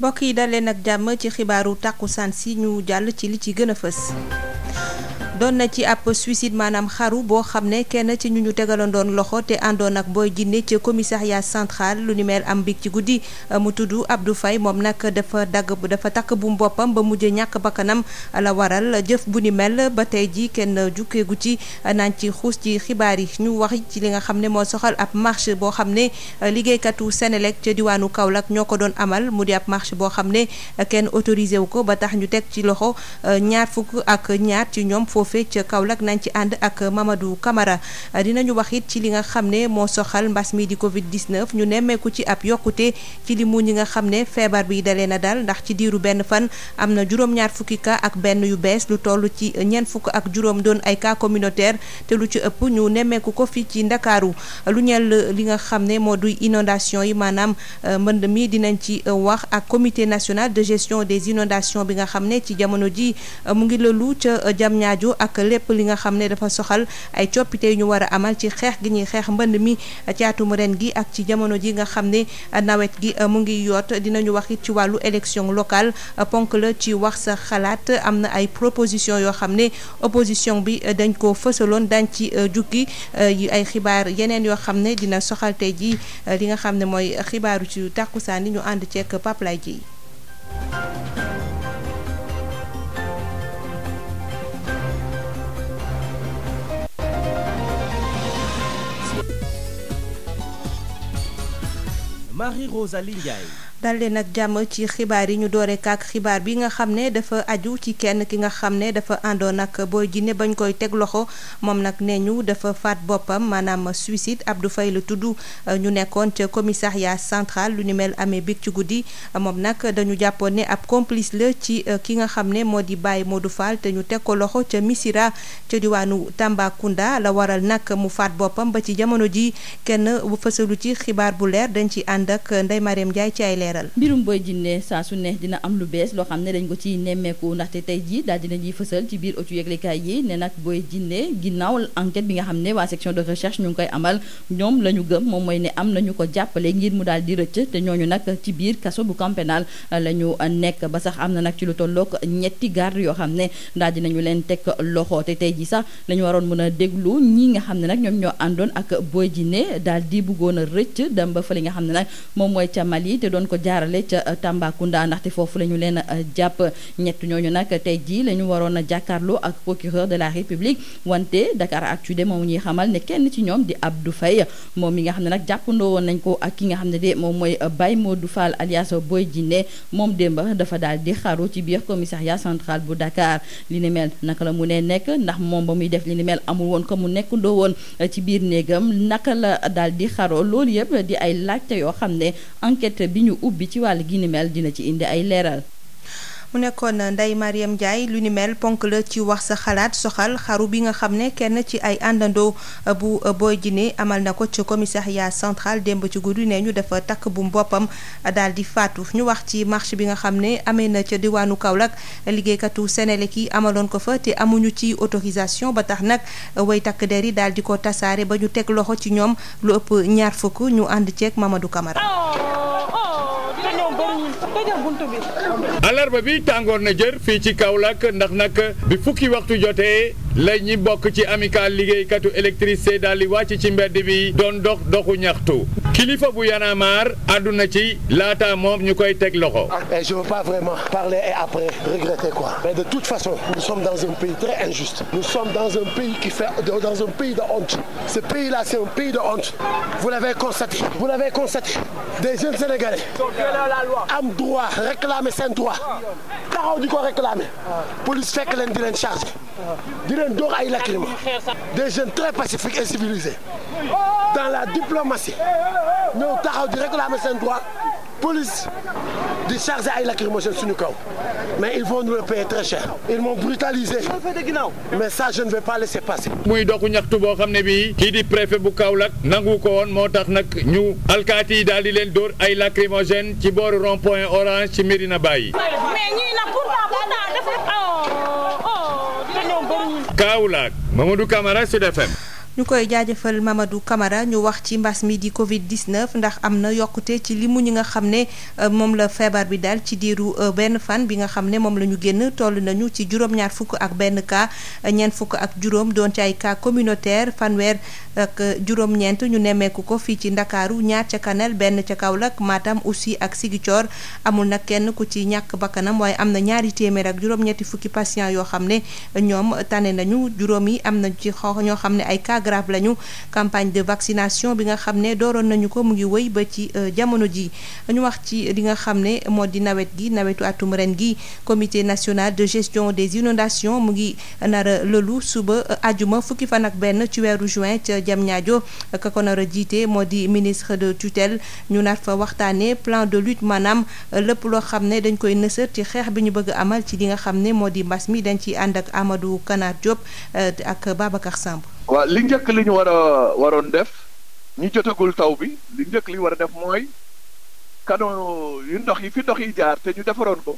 mbokk yi dalee nag jàmm ci xibaaru tàkkusaan si ñu jàll ci li ci gën a fës doon na ci ab suicide maanaam xaru boo xam ne kenn ci ñu ñu tegalandoon loxo te àndoon ak booy Djiné ci commissariat central lu ni mel am big ci guddi mu tudd du Faye moom nag dafa dagg bu dafa takk bu boppam ba mujjee ñàkk bakkanam la waral jëf bu ni mel ba tey ji kenn jukkeegu ci naan ci xuus ci xibaar yi ñu wax ci li nga xam ne moo soxal ab marche boo xam ne liggéeykatu Senelec ca diwaanu Kaolack ñoo ko doon amal mu di ab marche boo xam ne kenn autorisé wu ko ba tax ñu teg ci loxo eh, ñaar ak ñaar ñoom foofu foofee ca Kaolack nañ ci ànd ak mamadu kamara dinañu wax it ci li nga xam ne moo soxal mbas mii di Covid 19 ñu nemmeeku ci ab yokkute ci li mu ñi nga xam ne feebar bi dalee na dal ndax ci diiru benn fan am na juróom-ñaar fukki cas ak benn yu bees lu toll ci ñeent fukk ak juróom doon ay ka communautaire te lu ci ëpp ñu nemmeeku ko fii ci Ndakaaru lu ñeel li nga xam ne moo duy inondation yi maanaam euh, mbënd mi dinañ ci euh, wax ak comité national de gestion des inondations bi xam ne ci jamono ji euh, mu ngi lëlu ca Diamniadio ak lépp li nga xam ne dafa soxal ay coppite yu ñu war a amal ci xeex gi ñuy xeex mbënd mi ci ren gi ak ci jamono ji nga xam ne nawet gi euh, mu ngi yoot dinañu wax it ci wàllu élection locale euh, ponk la ci wax sa xalaat am na ay proposition yoo xam ne opposition bi euh, dañ ko fësaloon dañ ci jukki ay xibaar yeneen yoo xam ne dina soxal tey ji li nga xam ne mooy xibaaru ci tàkkusaan yi ñu ànd ceek Pape Lay Dieye Marie-Rosalie Ndiaye dal leen ak jàmm ci xibaar yi ñu doore kaak xibaar bi nga xam ne dafa aju ci kenn ki nga xam ne dafa àndoon ak Boy Djiné bañ koy teg loxo moom nag nee ñu dafa faat boppam maanaam suicide Abdou fay la tudd ñu nekkoon ca commissariat central lu ni mel amee big ci guddi moom nag dañu jàppoon ne ab complice la ci euh, ki nga xam ne moo di bàyyi moo Modou Fall te ñu teg ko loxo ca Missira ca diwaanu Tambacounda la waral nag mu faat boppam ba ci jamono ji kenn bu fësalu ci xibaar bu leer dañ ci ànd ak Ndeye Mariam Ndiaye leeral mbirum Boy Djiné saa su ne dina am lu bees loo xam ne dañ ko ciy nemmeeku ndaxte tey jii daal dina ñuy fësal ci biir ëttu yëglekaay yi ne nag Boy Djiné ginnaaw enquête bi nga xam ne waa la ñu gëm moom ko jàppale ngir mu daal di rëcc te ñooñu nag ci biir ba sax am na nag ci lu tolloog ñetti garde yoo xam ne daal dinañu leen teg loxo te tey jii sax la ñu waroon mën a déglu ñi nga xam ne nag ñoom ñoo àndoon ak Boy Djiné daal di a rëcc dem ba fa nga xam ne nag moom mooy ca Mali te doon ko jaarale ca uh, Tambacounda ndaxte foofu lañu ñu leen uh, jàpp ñett ñooñu nag tey jii la ñu waroon a jàkkaarloo ak procureur de la république wante Dakar Actu de moom ñuy xamal ne kenn ci ñoom di Abdou Faye moom mi nga xam ne nag jàppandoo woon nañ ko ak ki nga xam ne de moom mooy uh, Baye du faal alias booy Djiné moom démba dafa daal di xaru ci biir commissariat centrale bu Dakar li ni mel naka la mu ne nekk ndax moom ba muy def li amul woon ko mu nekk woon ci biir néegam naka la daal di xaroo loolu yëpp di ay laajte yoo xam ne enquête bi ñu bi ci wàll gi ni dina ci indi ay leeral mu nekkoon Ndeye Mariam Ndiaye lu ni mel ponk la ci wax sa xalaat soxal xaru bi nga xam ne kenn ci ay àndandoo bu booy Djiné amal na ko ci commissariat central démb ci guddi nee ñu dafa takk bu boppam dal di faatu ñu wax ci marche bi nga xam ne amee na ca diwaanu Kaolack liggéeykatu Senelec yi amaloon ko fa te amuñu ci autorisation ba tax nag way takk der yi daal di ko tasaare ba ñu teg loxo ci ñoom lu ëpp ñaar fukk ñu ànd ceeg mamadu Camara oh, oh, oh, bi tàngoor na jër fii ci Kaolack ndax nag bi fukki waxtu jotee la bokk ci amical liggéeykatu électricité daal di wàcc ci mbedd bi doon dox doxu ñaxtu kilifa bu Y'en a marre àdduna ci laata moom ñu koy teg loxo. et ah, je veux pas vraiment parler et après regretter quoi. mais de toute façon nous sommes dans un pays très injuste. nous qui fait dans un pays de honte. ce pays là c'est un pays de honte. vous l'avez constaté. des jeunes sénégalais. am droit réclamer seen droit. taxaw di ko réclamer. police fekk leen di leen chargé. di leen dóor ay lacrymo. des jeunes très pacifiques et civilisés. dans la diplomatie ñëw taxaw di réclamer seen droit. police di charger ay lacrymogènes suñu kaw mais ils vont nous le payer très cher. ils m'ont brutalisé mais ça je ne vais pas laisser passer. muy doxu ñaxtu boo xam ne bii kii di préfet bu Kaolack nangu ko woon moo tax nag ñu alkaati yi daal di leen dóor ay lacrymogènes ci booru rond point orange ci Médina Baye. Oh, oh, Kaolack Mamadou Camara Sud FM. ñu koy jaajëfal Mamadou Camara ñu wax ci mbas mi di Covid 19 ndax am na yokkute ci limu ñi nga xam ne euh, moom la feebar bi daal ci diiru euh, benn fan bi nga xam ne moom la ñu génn toll nañu ci juróom-ñaar fukk ak benn kaa euh, ñeent fukk ak juróom doon ci ay cas communautaire fanweer ak juróom-ñeent ñu nemmeeku ko fii ci Ndakaaru ñaar ca Kanel benn ca Kaolack maatam aussi ak Ziguinchor amul nag kenn ku ci ñàkk bakkanam waaye am na ñaari téeméer ak juróom-ñetti fukki patients yoo xam ne ñoom tane nañu juróom am na ñoo xam ne cas grave lañu campagne de vaccination bi nga xam ne dooroon nañu ko mu ngi wëy ba ci euh, jamono ji dañu wax ci li nga xam ne moo di nawet gi nawetu atum ren gi comité national de gestion des inondations mu ngi nara lëlu suba euh, ajuma fukki fan ak benn ci weeru juin ca jam ñaajo ka ko nara jiite moo di ministre de tutelle ñu nar fa waxtaane plan de lutte maanaam euh, lépp loo xam ne dañ koy nësër ci xeex bi ñu bëgg amal ci li nga xam ne moo di mbas mi dañ ci ànd ak Amadou Kanar Diop ak Babacar Samb waaw li njëkk li ñu war a waroon def ñu jotagul taw bi li njëkk li war a def mooy canon yu ndox yi fi ndox yi jaar te ñu defaroon ko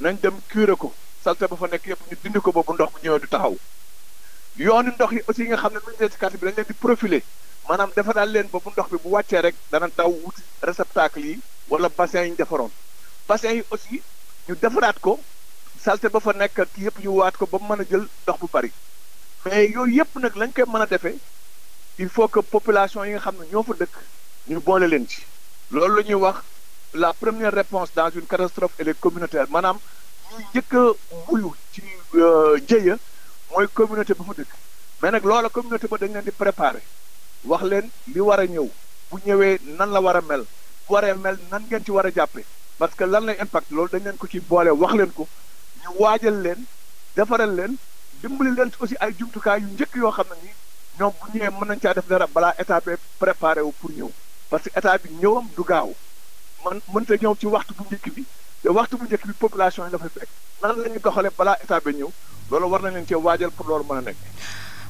nañ dem curé ko salte ba fa nekk yëpp ñu dindi ko boobu ndox bu ñëwee du taxaw yoon yi ndox yi aussi yi nga xam ne ñu dee ci bi dañ leen di profiler maanaam defaraat leen boobu ndox bi bu wàccee rek dana daw wuti réceptacle yi wala bassin yi ñu defaroon bassin yi aussi ñu defaraat ko salte ba fa nekk yëpp ñu waat ko ba mu mën a jël ndox bu bari mais yooyu yëpp nag lañ koy mën a defee il faut que population yi nga xam ne ñoo fa dëkk ñu boole leen ci loolu la ñuy wax la première réponse dans une catastrophe elle est communautaire maanaam ñu njëkk a wuyu ci euh, jëya mooy communauté ba fa dëkk mais nag loola communauté ba dañ leen di préparer wax leen li war a ñëw bu ñëwee nan la war a mel bu waree mel nan ngeen ci war a jàppee parce que lan lay impact loolu dañ leen ko ci boole wax leen ko ñu waajal leen defaral leen dimbali leen aussi ay jumtukaay yu njëkk yoo xam ne ni ñoom bu ñëwee mën nañ caa def dara balaa état bi préparé wu pour ñëw parce que état bi ñëwam du gaaw man mënta ñëw ci waxtu bu njëkk bi te waxtu bu njëkk bi population yi la fay fekk nan la ñuy doxalee balaa état bi ñëw loolu war na leen cee waajal pour loolu mën a nekk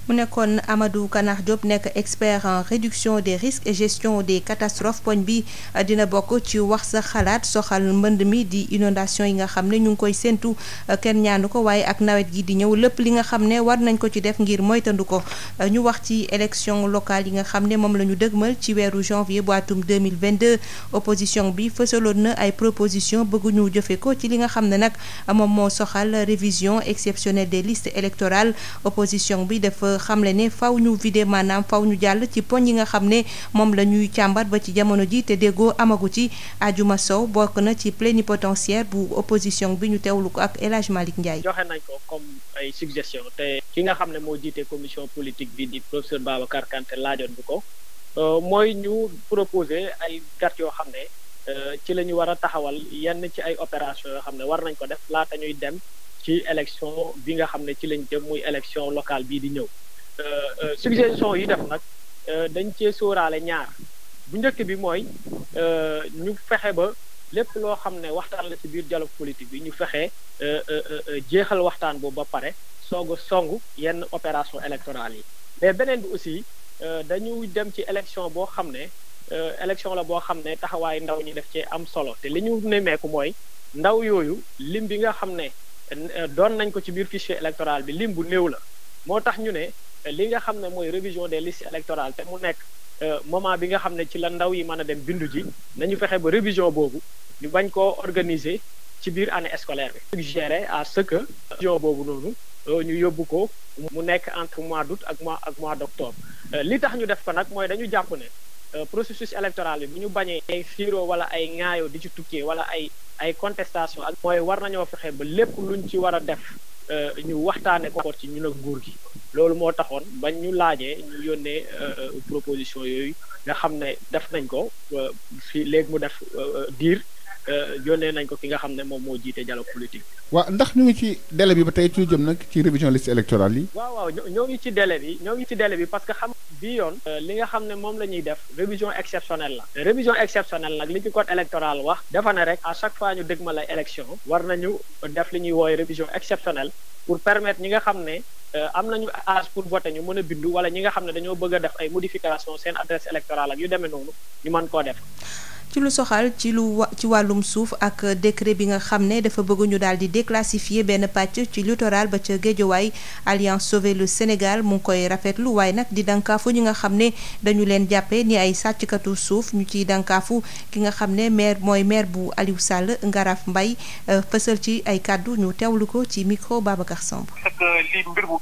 mu nekkoon amadu Kanar Diop nekk expert en réduction des risques et gestion des catastrophes poñ bi euh, dina bokk ci wax sa xalaat soxal mbënd mi di inondation yi nga xam ne ñu ngi koy séentu euh, kenn ñaanu ko waaye ak nawet gi di ñëw lépp li nga xam ne war nañ ko ci def ngir moytandu ko euh, ñu wax ci élection locale yi nga xam ne moom la ñu dëgmal ci weeru janvier bu atum 2022 opposition bi fësaloon na ay proposition bëgguñu jëfe ko ci li nga xam ne nag moom moo soxal révision exceptionnelle des listes électorales opposition bi dafa xamle ne faw ñu vidé maanaam faw ñu jàll ci poñ yi nga xam ne moom la ñuy càmbar ba ci jamono ji te déggoo amagu ci Adjuma Sow bokk na ci plénipotentiaire bu opposition bi ñu teewlu ko ak El Hadj Malick Ndiaye. joxe nañ ko comme ay suggestion te ki nga xam ne moo jiite commission politique bi di professeur Babacar Kanté laajoon bi ko euh, mooy ñu proposer ay gàtt yoo xam ne euh, ci la ñu war a taxawal yenn ci ay opération yoo xam ne war nañ ko def laata ñuy dem. ci élection bi nga xam ne ci lañ jëm muy élection locale bii di ñëw euh, euh, suggestion yi def nag euh, dañ cee sóoraale ñaar bu njëkk bi mooy ñu fexe ba lépp loo xam ne waxtaan la ci biir dialogue politique bi ñu fexe jeexal waxtaan boobu ba pare soog a song yenn opération électorale yi mais beneen bi aussi dañu dem ci élection boo xam ne élection la boo xam ne taxawaayu ndaw ñi def ci am solo te li ñu nemmeeku mooy ndaw yooyu lim bi nga xam ne Euh, doon nañ ko ci biir fichier électoral bi lim bu néew la moo tax ñu ne euh, li nga xam ne mooy révision des listes électorales te mu nekk euh, moment bi nga xam ne ci la ndaw yi mën a dem bindu ji nañu fexe ba révision boobu ñu bañ koo organiser ci biir année scolaire bi suggéré à ce que révision boobu noonu ñu yóbbu ko mu nekk entre mois d'août ak mois ak mois d'octobre li tax ñu def ko nag mooy dañu jàpp ne Euh, processus électoral bi bu ñu bañee ay xiiroo wala ay ŋaayoo di ci tukkee wala ay ay contestation ak mooy war nañoo fexe ba lépp ñu ci war a def euh, ñu waxtaane ko ci ñun ak nguur gi loolu moo taxoon bañ ñu laajee ñu yónnee euh, proposition yooyu nga xam ne def nañ ko fii léegi mu def diir Euh, yónnee nañ ko ki nga xam ne moom moo jiite dialogue politique bi. ndax ñu ngi ci délai bi ba tey ci jëm nag ci révision liste électorale yi. waaw waaw ñoo ngi ci délai bi ñoo ngi ci délai bi parce que xam bi yoon. Euh, li nga xam ne moom la ñuy def révision exceptionnelle la. révision exceptionnelle nag li ci code électoral wax dafa ne rek à chaque fois ñu dëgma lay élection war nañu def li ñuy wooy révision exceptionnelle pour permettre ñi nga xam ne. Euh, am nañu âge pour voter ñu mën a bindu wala ñi nga xam ne dañoo bëgg a def ay modification seen adresse électorale ak yu demee noonu ñu mën koo def ci lu soxal ci lu ci wàllum suuf ak décret bi nga xam ne dafa bëgg ñu daal di déclassifier benn pàcc ci littoral ba ca Géejawaay Alliance Sauver lu Sénégal mu ngi koy rafetlu waaye nag di dankaafu ñi nga xam ne dañu leen jàppee ni ay sàcckatu suuf ñu ciy dankaafu ki nga xam ne maire mooy maire bu Aliou Sall Ngaraf Mbaye euh, fësal ci ay kàddu ñu teewlu ko ci micro Babacar Samb. parce que lii mbir bu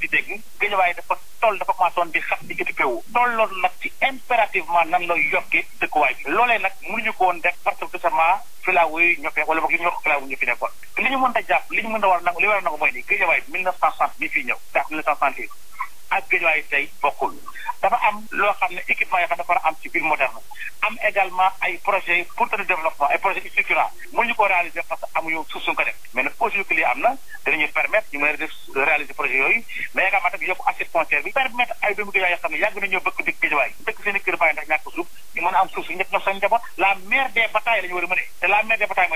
dégg Géejawaay dafa tool dafa commencé woon di xat di équipé wu impérativement nan la yokkee dëkkuwaay bi loolee nag mënuñu ko woon def parce que sama filaawu yi ñoo fee wala boog li ñu wax filaawu ñu fi nekkoon li ñu mën a jàpp li ñu mën a war a li war a mooy ni géejawaay mille neuf cent bi fii ñëw daaf mille neuf cent soixante ak Guédiawaye tey bokkul dafa am loo xam ne équipement yoo xam dafa war a am ci biir moderne am également ay projets pour le développement ay projets structurants mais nag aujourd'hui que lii am na dinañu permettre ñu mën yooyu mais également tamit yokk assiette foncière bi permettre ay doomu Guédiawaye yoo nañoo bëgg di Guédiawaye dëkk seen i kër bàyyi ndax ñàkk suuf ñu mën a am suuf si ñëpp ñoom seen njaboot la mère des batailles la ñu war a te la mère des batailles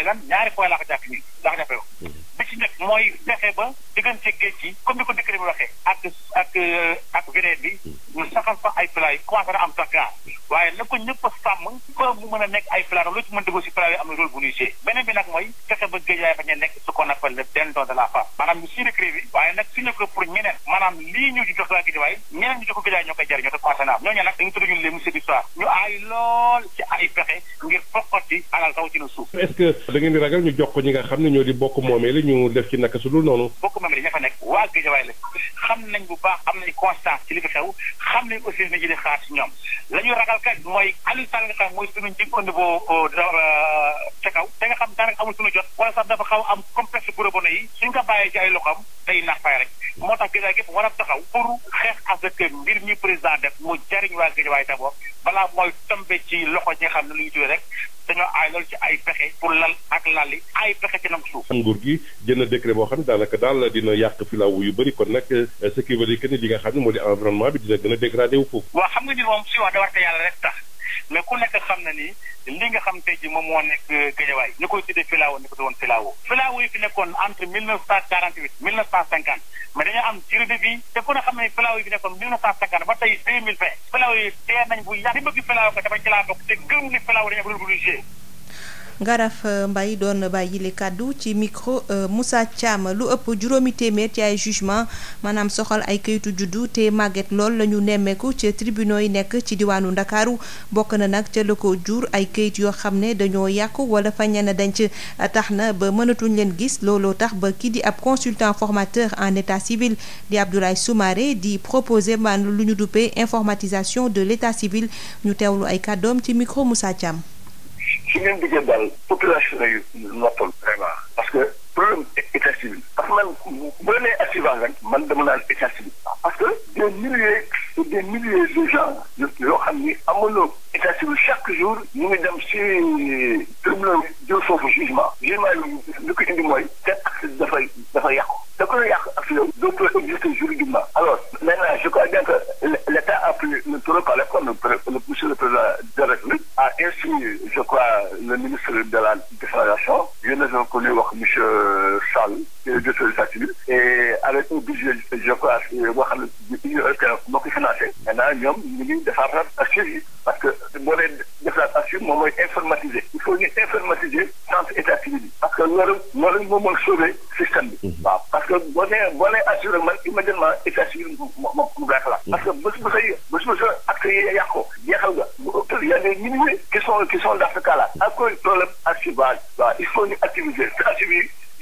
diggante géej gi comme ni ko décret bi waxee ak ak ak beneen bi ñu saxal fa ay plat yi commencé am Dakar waaye na ko ñëpp a sàmm ba mu mën a nekk ay plateau lu ci mën dugg si plateau yi am na rôle bu ñuy joué beneen bi nag mooy fexe ba géejaay bañ a nekk ce qu'on appelle le dindon de la femme maanaam ñu signé crédit bi waaye nag signé ko pour ñeneen maanaam lii ñu di jox waa géejawaay ñeneen ñu jox ko géejaay ñoo koy jariñoo te commencé na am ñooñu nag dañu tudd ñun les monsieur du soir ñu aay lool ci ay fexe ngir foqati alal taw ci na suuf est-ce que da ngeen di ragal ñu jox ko ñi nga xam ne ñoo di bokk moomee la ñu def ci naka su dul noonu bokk moomee la ña fa nekk waa géejawaay la xam nañ bu baax am nañ conscience ci li fi xew xam nañ aussi nañu di xaar si ñoom jàngalkat mooy Aliou Sall nga xam mooy suñu njëkk au niveau te nga xam daanaka amul suñu jot wala sax dafa xaw am complexe bu rabona yi suñ ko bàyyee ci ay loxoom day nax fay rek moo tax Guédiawaye gépp war a taxaw pour xeex ak président def mu jariñ waa Guédiawaye d'abord balaa mooy tombe ci loxo ñi xam ne lu ñu tuddee rek dañoo aay ci ay pexe pour lal ak lalli ay pexe nguur gi jënd décret boo xam ne daanaka daal dina yàq filaaw yu bëri kon nag euh, ce qui veut dire que ni nga xam ne moo di environnement bi dina gën a dégradé wu foofu waaw xam nga ni moom si wax da warte yàlla rek tax mais ku nekk xam na ni xam tey ji moom moo nekk Géejawaay ñu koy tuddee filao ni ko woon filao filao yi fi nekkoon entre mille neuf cent quarante huit mille neuf cent cinquante mais dañoo am durée de vie te ku ne xam ne filao yi fi nekkoon mille neuf cent cinquante ba tey deux mille vingt filao yi dee nañ bu yàgg li bëgg filao ko ci laa bokk te gëm ni filao dañu ko Ngaraf euh, mbay doon bàyyi le kàddu ci micro euh, Moussa Thiam lu ëpp juróomi téeméer ci ay jugement maanaam soxal ay kayitu juddu te màgget lool la ñu nemmeeku ci tribunaux yi nekk ci diwaanu Ndakaaru bokk na nag ca la ko jur ay kayit yoo xam ne dañoo yàqu wala fañ na denc tax na ba mënatuñ leen gis looloo tax ba kii di ab consultant formateur en état civil di Abdoulaye Soumaré di proposer man lu ñu duppee informatisation de l'état civil ñu teewlu ay kàddoom ci micro Moussa Thiam. su ngeen bëggee daal population yi noppal vraiment parce que problème état civil ndax man bu la nee activement rek man dama naan état civil parce que des milliers pour des milliers de gens yoo xam ni amuloo état civil chaque jour ñu ngi dem si tribunal jël foofu jugement jugement yi li ko indi mooy te ak dafay dafa yàqu da ko yàq ak yow dootul exister juridiquement alors je crois bien que l' état a pris par les cornes monsieur de République a instruit je crois le ministre de la décentralisation yéen ko ñuy wax monsieur Sall directeur de sa civil et avec un je crois boo xam ne menacé maintenant ñoom ñu ngi defaraat archives yi parce que boo leen defaraat archive moom mooy informatiser il faut ñu informatiser sens état civil bi parce que loolu loolu moo mën e système bi mhm. waaw que boo nee boo man immédiatement état civil moom moom la mhm. parce que bés bu say bés bu sa acte yi yàqoo jeexal nga bu ëppal yaa ngi ñun ñi qui sont qui sont dans ce cas là à cause problème archivage waaw il faut ñu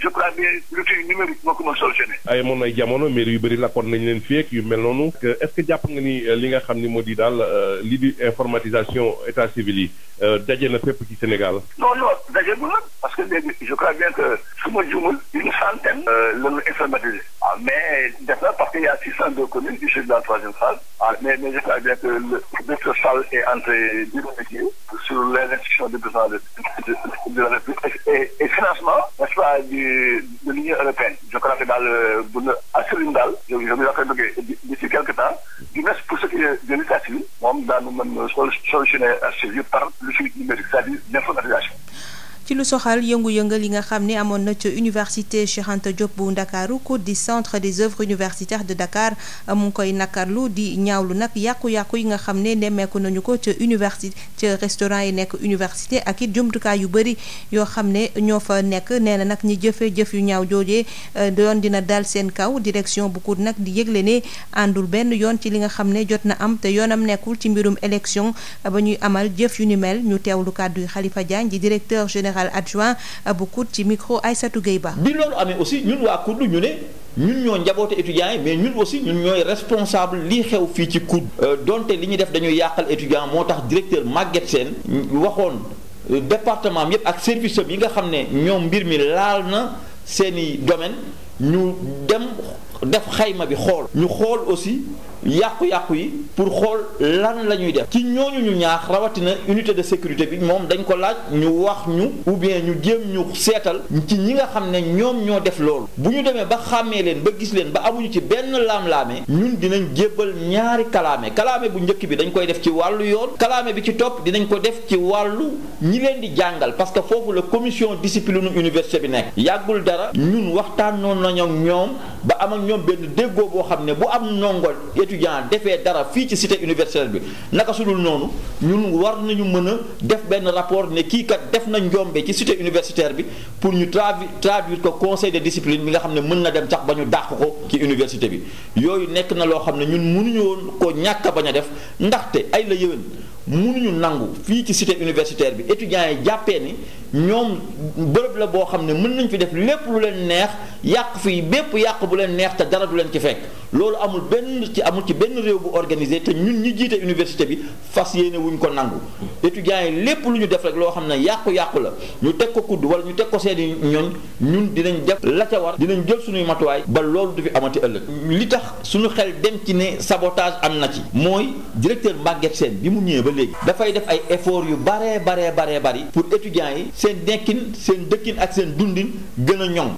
je crois bien l'outil numérique moo ko mën ay moom ay jamono maire yu bëri lakkoon nañ leen fii ak yu mel noonu. est ce que jàpp nga ni euh, li nga xam ni moo di daal euh, lii di informatisation état civil yi euh, daje na fépp ci Sénégal. non non daje bu parce que léegi je crois bien que su ma juumul une centaine. lañu informatisé. Ah, mais def na parce qu'il y a 602 communes qui sont la troisième phase. Ah, mais mais je crois bien que le docteur Sall est entré du métier sur l'investition du président de, de, de la République et, et financement, n'est-ce pas, du, de l'Union européenne. Je crois que dans le Bouna Asseline Dal, je vous rappelle que d'ici quelques temps, du moins pour de l'état civil, moom daanu mën solutionner à ce par le suivi numérique, c'est-à-dire l'informatisation. ci lu soxal yëngu-yëngal yi nga xam ne amoon na ca université Cheikh Anta bu Ndakaaru cour di centre des œuvres universitaires de Dakar mu ngi koy nakarlu di ñaawlu nag yàqu-yàqu yi nga xam ne nemmeeku nañu ko ca université ca restaurant yi nekk université ak it jumtukaay yu bëri yoo xam ne ñoo fa nekk nee na nag ñi jëfee jëf yu ñaaw jooje euh, doon dina dal seen kaw direction bu cour nag di yëgle ne àndul benn yoon ci li nga xam ne jot na am te yoonam nekkul ci mbirum élection ba ñuy amal jëf yu ni mel ñu teewlu kàddu yi Khalifa Diagne di général adjoint bu COUD ci micro ay Aïssatou Gueye Ba. bi loolu amee aussi ñun waa COUD ñu ne ñun ñoo njaboote étudiants yi mais ñun aussi ñun ñooy responsable lii xew fii ci COUD. Euh, donte li ñu def dañuy yàqal étudiant moo tax directeur màgget seen waxoon euh, département am yépp ak service am yi nga xam ne ñoom mbir mi laal na seeni domaine ñu dem def xayma bi xool. ñu xool aussi. yàqu-yàqu yi pour xool lan la ñuy def ci ñooñu ñu ñaax rawatina unité de sécurité bi moom dañ ko laaj ñu wax ñu ou bien ñu jéem ñu seetal ci ñi nga xam ne ñoom ñoo def loolu bu ñu demee ba xàmmee leen ba gis leen ba amuñu ci benn laam-laame ñun dinañ jébbal ñaari kalaame kalaame bu njëkk bi dañ koy def ci wàllu yoon kalaame bi ci topp dinañ ko def ci wàllu ñi leen di jàngal parce que foofu la commission discipline université bi nekk yàggul dara ñun waxtaanoon nañu ak ñoom ba am ak ñoom benn xam ne bu am ndongo étudiant defee dara fii ci cité universitaire bi naka su dul noonu ñun war nañu mën a def benn rapport ne kii kat def na njombe ci cité universitaire bi pour ñu travi traduire ko conseil de discipline bi nga xam ne mën na dem sax ba ñu dàq ko ci université bi yooyu nekk na loo xam ne ñun mënuñu woon ko ñàkk a bañ a def ndaxte ay la yëwén ñu nangu fii ci cité universitaire bi étudiants yi jàppee ni ñoom bërëb la boo xam ne mën nañ fi def lépp lu leen yàq fii bépp yàq bu leen neex te dara du leen ci fekk loolu amul benn ci amul ci benn réew bu organisé te ñun ñi jiite université bi fas yéene wuñ ko nangu étudiants yi lépp lu ñu def rek loo xam ne yàqu-yàqu la ñu teg ko kudd wala ñu teg ko seeni ñoñ ñun dinañ def la ca war dinañ jël suñuy matuwaay ba loolu du fi amati ëllëg li tax suñu xel dem ci ne sabotage am na ci mooy directeur Maguette seen bi mu ñëwee ba léegi dafay def ay effort yu baree baree baree bari pour étudiants yi seen nekkin seen dëkkin ak seen dundin gën a ñoŋ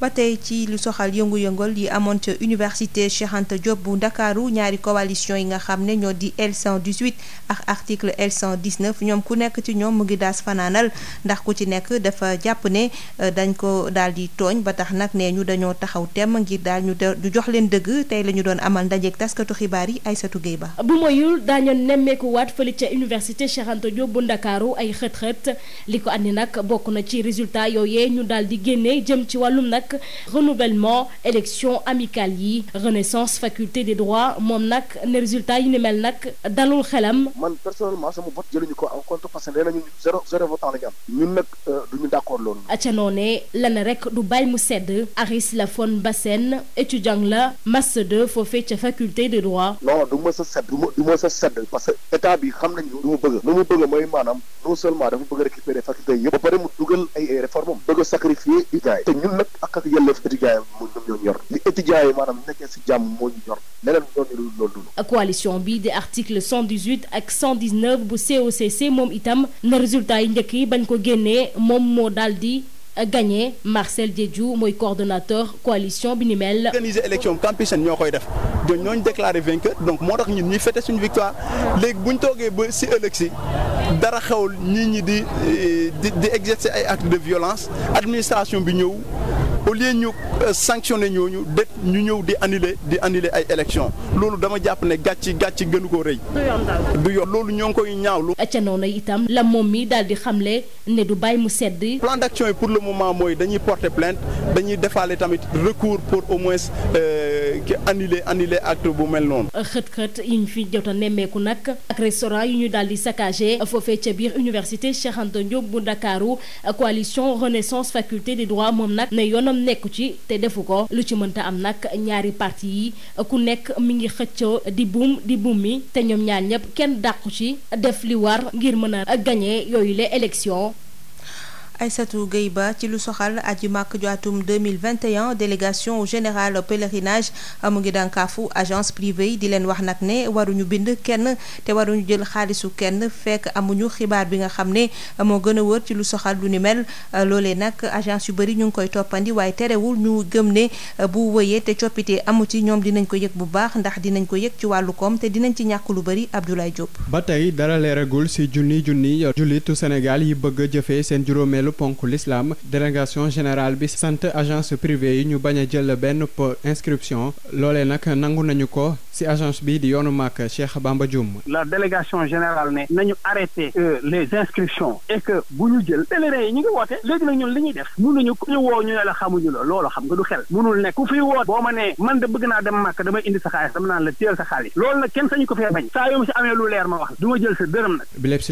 ba tey ci lu soxal yëngu-yëngal yi amoon ca université Cheikh Anta bu Ndakaaru ñaari coalition yi nga xam ne ñoo di L118 ak article L119 ñoom ku nekk ci ñoom mu ngi daas fanaanal ndax ku ci nekk dafa jàpp ne euh, dañ ko daal di tooñ ba tax nag ne ñu dañoo taxaw temm ngir daal ñu du jox leen dëgg tey la doon amal ndajeeg taskatu xibaar yi Aïssatou Gueye Ba. bu moyul daañu nemmeeku waat fële ca université Cheikh Anta bu Ndakaaru ay xët-xët li ko andi nag bokk na ci résultat yooyee ñu daal di génnee jëm ci wàllum nag nag renouvellement élection amicale yi renaissance faculté des droits moom nag ne résultat yi ni mel nag dalul xelam. man personnellement sama vote jëluñu ko en compte parce que nee nañu zéro zéro votant euh, ñu d'accord loolu. ca noonee lan rek du bàyyi mu sedd Aris Lafon étudiant la master 2 foofee ca faculté de droit. non du ma sa sedd du ma du ma sa sedd parce que état bi xam nañu lu mu bëgg lu mu bëgg mooy maanaam non seulement dafa mu dugal ay réformes bëgg a ak yelleef étudiants yi moom ñoom ñoo yor li étudiants yi maanaam nekkee si jàmm moo ñu yor leneen loolu loolu moom itam na yi njëkk yi bañ ko génnee moom moo daal di. gagné Marcel Diedhiou mooy coordonnateur coalition bi ni mel. organiser élection campuseen ñoo koy def ñooñu ñooñu déclaré vainqueur donc moo tax ñun ñuy fête suñu victoire léegi bu ñu toogee ba si ëllëg si dara xewul nit ñi di di di exercer ay actes de violence administration bi ñëw. au lieu ñu euh, sanctionné ñooñu def ñu ñëw di annuler di annuler ay élections loolu dama jàpp ne gàcci gàcci ko rëy. du yoon loolu ñoo ngi koy ñaawlu. ca noonu itam la moom mi daal di xamle ne du bàyyi mu sedd. plan d'action pour le moment mooy dañuy porter plainte dañuy defaale tamit recours pour au moins ki euh, annuler annuler acte bu mel noonu. xët-xët yi ñu fi jot a nemmeeku nag ak restaurant yi ñu daal di saccagé foofee ca biir université Cheikh Anta bu Ndakaaru coalition Renaissance faculté des droits moom nag ne yoonam nekku ci te defu ko lu ci mënta am nag ñaari parti yi ku nekk mu ngi xëccoo di buum di buum mi te ñoom ñaar ñëpp kenn dàqu ci def li war ngir mën a gañe yooyu le élection Aïssatou géy Ba ci lu soxal aji màkk ju atum 2021 délégation générale pèlerinage ah, mu ngi dànkaafu agence privée yi di leen wax nag ne waruñu bind kenn te waruñu jël xaalisu kenn fekk amuñu xibaar bi nga xam ne moo gën a wër ci lu soxal lu ni mel ah, loolee nag agence yu bari ñu ngi koy toppandi waaye terewul ñu gëm ne ah, bu wëyee te coppite amu ci ñoom dinañ ko yëg bu baax ndax dinañ ko yëg ci wàllu koom te dinañ ci ñàkk lu bëri Abdoulaye Diop. ba tey dara leeragul ci junni junni jullitu Sénégal yi bëgg a seen juróomeelu ñaareelu ponk l'islam délégation générale bi sant agence privée yi ñu bañ a jël benn po inscription loolee nag nangu nañu ko ci agence bi di yoonu màkk Cheikh Bamba Dioum la délégation générale ne nañu arrêté euh, les nag ñun li ñuy def mënuñu ku ñu woo ñu ne la xamuñu la loolu xam nga du xel mënul nekk ku fiy woote boo ma nee man de bëgg naa dem màkk damay indi sa xaalis dama naan la téel sa xaalis loolu nag kenn sañu ko fee bañ saa yoo si amee lu leer ma wax du ma jël sa dërëm nag bi lépp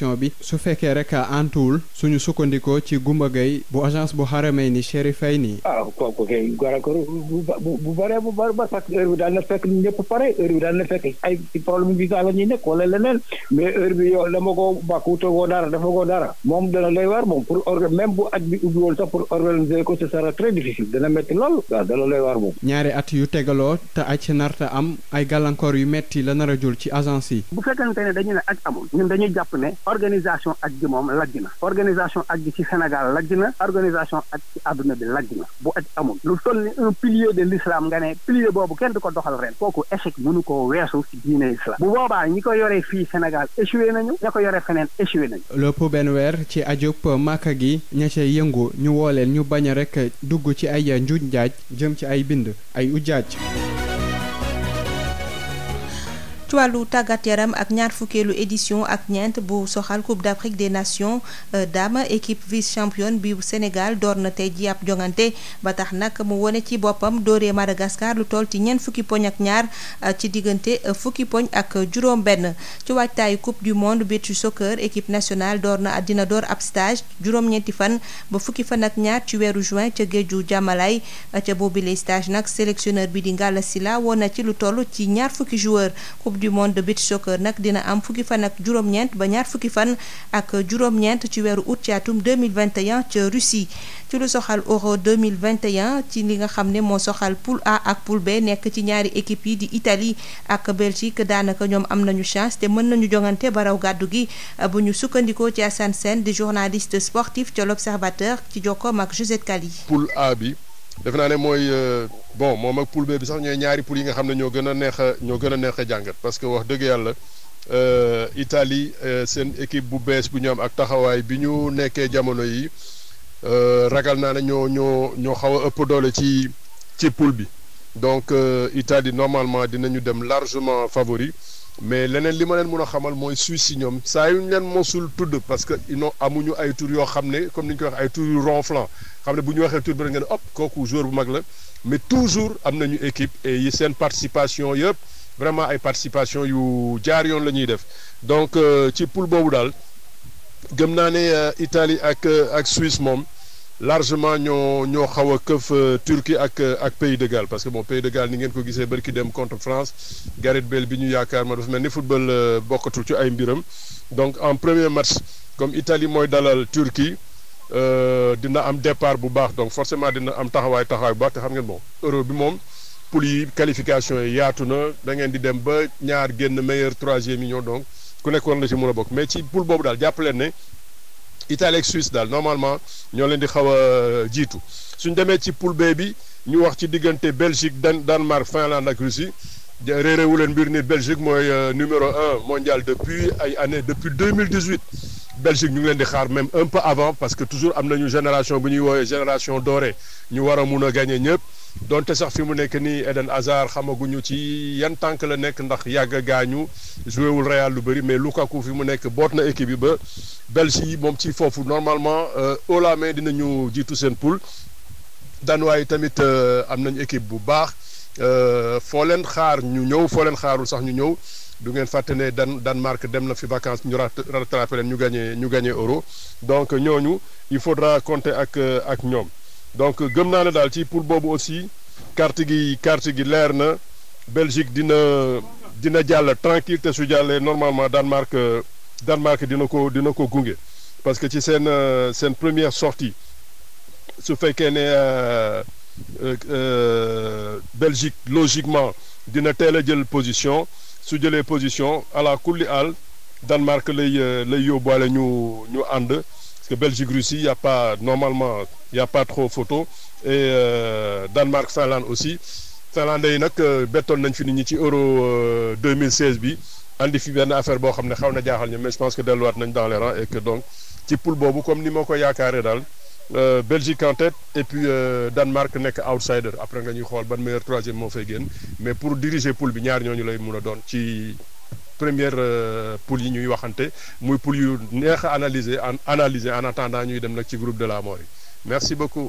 population bi su fekkee rek antuwul suñu sukkandikoo ci Goumba Gaye bu agence bu Harameyni Chérifayni. ah kooku kay gàllankoor bu bu bu bëree bu bëri ba sax heure bi daal na fekk ñëpp pare heure bi daal na fekk ay problème bi daal la ñuy nekk wala leneen mais heure bi yow dama ko bàkku tegoo dara dafa ko dara moom dana lay war moom pour orga même bu at bi ubbiwul sax pour organiser ko ce sera très difficile dana métti lool waaw dana lay war moom. ñaari at yu tegaloo te aj narta am ay gàllankoor yu metti la nar jul ci agence yi. organisation ak gi moom lajj na organisation ak gi ci Sénégal lajj na organisation ak ci àdduna bi lajj na bu aj amul lu toll ni un pilier de l'islam nga ne pilier boobu kenn du ko doxal ren ko échec mënu koo weesu ci diine islam bu boobaa ñi ko yoree fii Sénégal échoué nañu ña ko yoree feneen échoué nañu lépp benn weer ci ajub màkka gi ña ca yëngu ñu woo ñu bañ a rek dugg ci ay njuuj njaaj jëm ci ay bind ay ujaaj ci wàllu tàggat yaram ak ñaar fukkeelu édition ak ñeent bu soxal Coupe d'Afrique des Nations euh, dama équipe vice championne bi Sénégal door na tey ji ab jongante ba tax nag mu wone ci boppam dooree Madagascar lu toll ci ñeent fukki poñ ak ñaar euh, ci diggante euh, fukki poñ ak juróom-benn ci waajtaayu Coupe du monde beach soccer équipe nationale door na dina door ab stage juróom-ñeenti fan ba fukki fan ak ñaar ci weeru juin ca géeju jàmmalaay ca boobile stage nag sélectionneur bi di Ngalla Sylla woon na ci lu toll ci ñaar fukki joueur coupe du monde de soccer nag dina am fukki fan ak juróom-ñeent ba ñaar fukki fan ak juróom-ñeent ci weeru août ci atum 2021 ca Russie ci lu soxal euro 2021 ci li nga xam ne moo soxal poule A ak poule B nekk ci ñaari équipe yi di Italie ak Belgique daanaka ñoom am nañu chance te mën nañu jongante baraw gàddu gi bu ñu sukkandikoo ci Assane Sène di journaliste sportif ca l'Observateur ci jokkoom ak Josette Kali poule A defe naa ne mooy euh, bon moom ak poule bi sax ñooy ñaari poule yi nga xam ne ñoo gën a neex ñoo gën a neex a jàngat parce que wax dëgg yàlla euh, Italie euh, seen équipe bu bees bu ñu am ak taxawaay bi ñu nekkee jamono yi ragal naa ne ñoo ñoo ñoo xaw a ëpp doole ci ci poule bi donc Italie normalement dinañu dem largement favori mais leneen li ma leen mën a xamal mooy suisse si ñoom saa yu ñu leen mosul tudd parce que non amuñu ay tur yoo xam ne comme ni ñu koy wax ay tur yu ronflant xam ne bu ñu waxee tur bi rek ngeen hop kooku joueur bu mag la mais toujours am nañu équipe et yi seen participation yëpp vraiment ay participation yu jaar yoon la ñuy def donc euh, ci poule boobu daal gëm naa ne euh, Italie ak euh, ak Suisse moom. largement ñoo ñoo xaw a këf euh, Turquie ak euh, ak Pays de Galles parce que bon Pays de Galles ni ngeen ko gisee ki dem contre France Gareth Bale bi ñu yaakaar ma dafa mel ni football euh, bokkatul ci ay mbiram donc en premier match comme Italie mooy dalal Turquie dina am départ bu baax donc forcement dina am taxawaay taxawaay bu baax te xam ngeen bon euro bi moom poule yi qualification yi yaatu na da ngeen di dem ba ñaar génn meilleur troisième union donc ku nekk war a bokk mais ci poule boobu daal jàpp leen ne Italie ak Suisse daal normalement ñoo leen di xaw a euh, jiitu suñ demee ci poule B bi ñu wax ci diggante Belgique Dan Danemark Finlande ak Russie réeréwu leen mbir ni Belgique mooy euh, numéro un mondial depuis ay années depuis 2018 Belgique ñu ngi leen di xaar même un peu avant parce que toujours am nañu génération bu ñuy woowee génération doore ñu war a mun a gagné ñëpp. donte sax fi mu nekk nii Eden Hazard xamaguñu ci yan tànk la nekk ndax yàgg gaañu joué wul lu bëri mais Lukaku fi mu nekk boot na équipe bi ba Belgique moom ci foofu normalement euh, haut la main dinañu jiitu seen poule Danois yi tamit euh, am nañu équipe bu baax euh, foo leen xaar ñu ñëw foo leen xaarul sax ñu ñëw du ngeen fàtte ne Dan Danemark dem na fi vacances ñu rattrapé leen ñu gagné ñu gagné euro donc ñooñu il faut faudra compter ak ak ñoom. donc gëm naa ne daal ci pour boobu aussi carte gi carte gi leer na Belgique dina dina jàll tranquille te su jàllee normalement Danemark Danemark dina ko dina ko gunge parce que ci seen seen première sortie su fekkee ne euh, euh, Belgique logiquement dina teel a jël position su jëlee position ala kulli àll Danemark lay lay yóbbuwaale ñu ñu ànd. que Belgique-Russie, il n'y a normalement, il n'y a pas trop photo. Et euh, Danemark-Finlande aussi. Finlande yi nag euh, bettoon nañ fi nit ñi ci euro 2016 euh, bi andi fi benn affaire boo xam ne xaw na jaaxal ñu mais je pense que delluwaat nañ dans les rangs et que donc ci poule boobu comme ni ma ko yaakaaree daal euh, Belgique en tête et puis Danemark nekk outsider après nga ñuy xool ban meilleur troisième moo fay génn mais pour diriger poule bi ñaar ñooñu lay mun a doon ci. première euh, poule yi ñuy waxante muy poule yu neex a analyser en analyser en attendant ñuy dem nag ci groupe de la mort yi